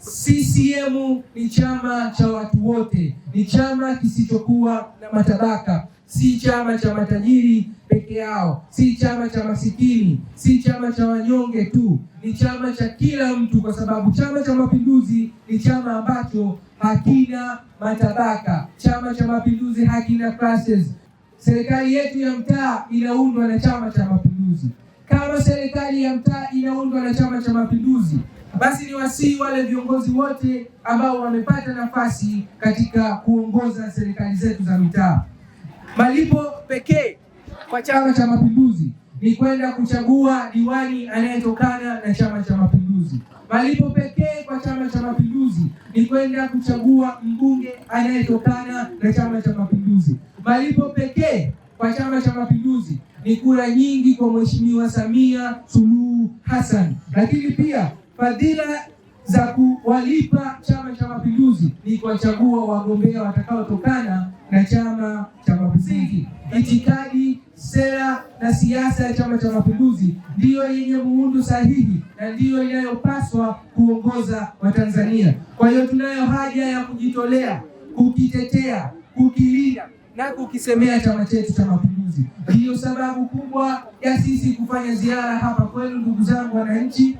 CCM ni chama cha watu wote, ni chama kisichokuwa na matabaka, si chama cha matajiri peke yao, si chama cha masikini, si chama cha wanyonge tu, ni chama cha kila mtu, kwa sababu Chama cha Mapinduzi ni chama ambacho hakina matabaka. Chama cha Mapinduzi hakina classes. Serikali yetu ya mtaa inaundwa na Chama cha Mapinduzi. Kama serikali ya mtaa inaundwa na Chama cha Mapinduzi, basi ni wasihi wale viongozi wote ambao wamepata nafasi katika kuongoza serikali zetu za mitaa, malipo pekee kwa Chama cha Mapinduzi ni kwenda kuchagua diwani anayetokana na Chama cha Mapinduzi. Malipo pekee kwa Chama cha Mapinduzi ni kwenda kuchagua mbunge anayetokana na Chama cha Mapinduzi. Malipo pekee kwa Chama cha Mapinduzi ni kura nyingi kwa Mheshimiwa Samia Suluhu Hassan, lakini pia fadhila za kuwalipa Chama cha Mapinduzi ni kuwachagua wagombea watakaotokana na Chama cha Mapinduzi. Itikadi, sera na siasa ya Chama cha Mapinduzi ndiyo yenye muundo sahihi na ndiyo inayopaswa kuongoza Watanzania. Kwa hiyo tunayo haja ya kujitolea, kukitetea, kukilinda na kukisemea chama chetu cha Mapinduzi. Ndiyo sababu kubwa ya sisi kufanya ziara hapa kwenu, ndugu zangu wananchi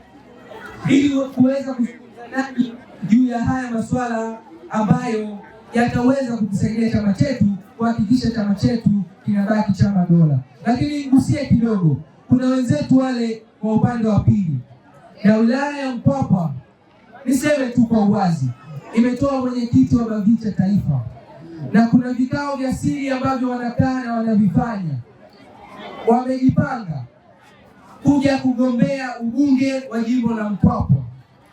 ili kuweza kuzungumza nani juu ya haya masuala ambayo yataweza kukusaidia chama chetu kuhakikisha chama chetu kinabaki chama dola. Lakini ngusie kidogo, kuna wenzetu wale kwa upande wa pili na wilaya ya Mpwapwa, niseme tu kwa uwazi, imetoa mwenyekiti wa BAVICHA taifa, na kuna vikao vya siri ambavyo wanakaa na wanavifanya, wamejipanga kuja kugombea ubunge wa jimbo la Mpwapwa,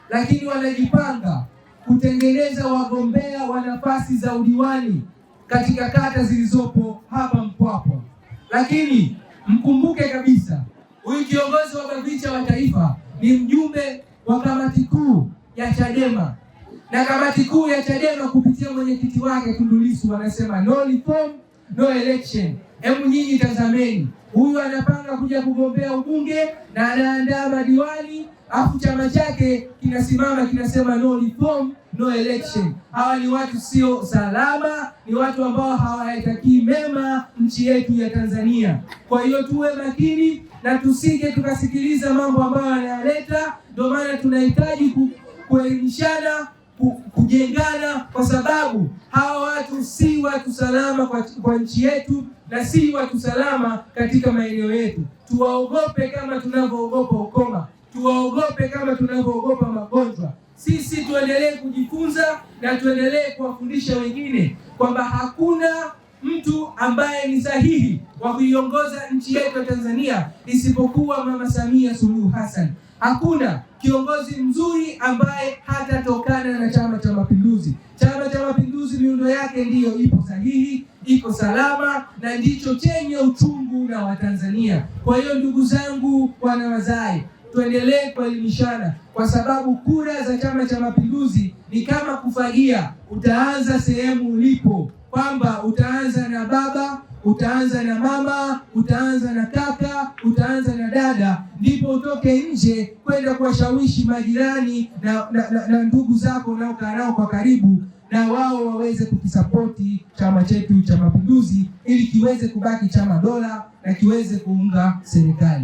lakini wanajipanga kutengeneza wagombea wa nafasi za udiwani katika kata zilizopo hapa Mpwapwa. Lakini mkumbuke kabisa huyu kiongozi wa BAVICHA wa taifa ni mjumbe wa kamati kuu ya CHADEMA na kamati kuu ya CHADEMA kupitia mwenyekiti wake Tundu Lissu wanasema no reform no election. Hebu nyinyi tazameni, huyu anapanga kuja kugombea ubunge na anaandaa madiwani, afu chama chake kinasimama kinasema no reform no election. Hawa ni watu sio salama, ni watu ambao hawaitakii mema nchi yetu ya Tanzania. Kwa hiyo tuwe makini na tusije tukasikiliza mambo ambayo yanaleta. Ndio maana tunahitaji kuelimishana kujengana, kwa sababu hawa watu si watu salama kwa, kwa nchi yetu na si watu salama katika maeneo yetu. Tuwaogope kama tunavyoogopa ukoma, tuwaogope kama tunavyoogopa magonjwa. Sisi tuendelee kujifunza na tuendelee kuwafundisha wengine kwamba hakuna mtu ambaye ni sahihi wa kuiongoza nchi yetu ya Tanzania isipokuwa Mama Samia Suluhu Hassan. Hakuna kiongozi mzuri ambaye hatatokana na Chama cha Mapinduzi. Chama cha Mapinduzi, miundo yake ndiyo ipo sahihi, iko salama na ndicho chenye uchungu na Watanzania. Kwa hiyo ndugu zangu, wana Wazai, tuendelee kuelimishana, kwa sababu kura za Chama cha Mapinduzi ni kama kufagia. Utaanza sehemu ulipo, kwamba utaanza na baba, utaanza na mama, utaanza na kaka, utaanza na dada, ndipo utoke nje kwenda kuwashawishi majirani na, na, na, na ndugu zako unaokaa nao kwa karibu na wao waweze kukisapoti chama chetu cha Mapinduzi ili kiweze kubaki chama dola na kiweze kuunga serikali.